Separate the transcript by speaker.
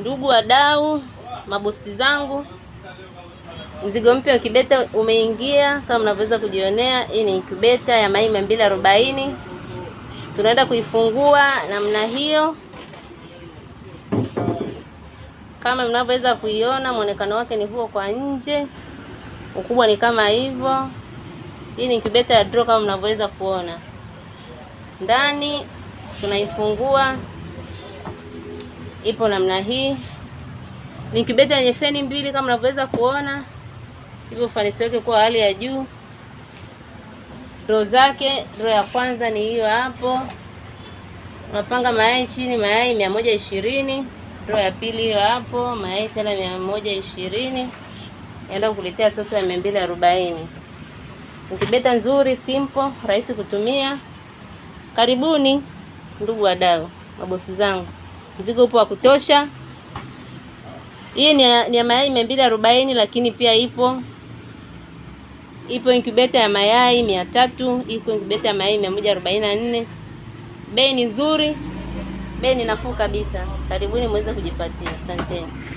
Speaker 1: ndugu wadau, mabosi zangu, mzigo mpya kibeta umeingia. Kama mnavyoweza kujionea, hii ni kibeta ya mayai mia mbili arobaini. Tunaenda kuifungua namna hiyo, kama mnavyoweza kuiona, mwonekano wake ni huo kwa nje, ukubwa ni kama hivyo. Hii ni kibeta ya draw kama mnavyoweza kuona ndani, tunaifungua ipo namna hii, ni kibeta yenye feni mbili kama unavyoweza kuona hivyo, ufanisi wake kwa hali ya juu. Droo zake, droo ya kwanza ni hiyo hapo, unapanga mayai chini, mayai mia moja ishirini. Droo ya pili hiyo hapo, mayai tena mia moja ishirini, enda kukuletea toto ya mia mbili arobaini. Nkibeta nzuri, simple, rahisi kutumia. Karibuni ndugu wadau, mabosi zangu mzigo upo wa kutosha. Hii ni, ni ya mayai mia mbili arobaini lakini pia ipo ipo inkubeta ya mayai mia tatu ipo inkubeta ya mayai mia moja arobaini na nne Bei ni nzuri, bei ni nafuu kabisa. Karibuni muweze kujipatia. Asanteni.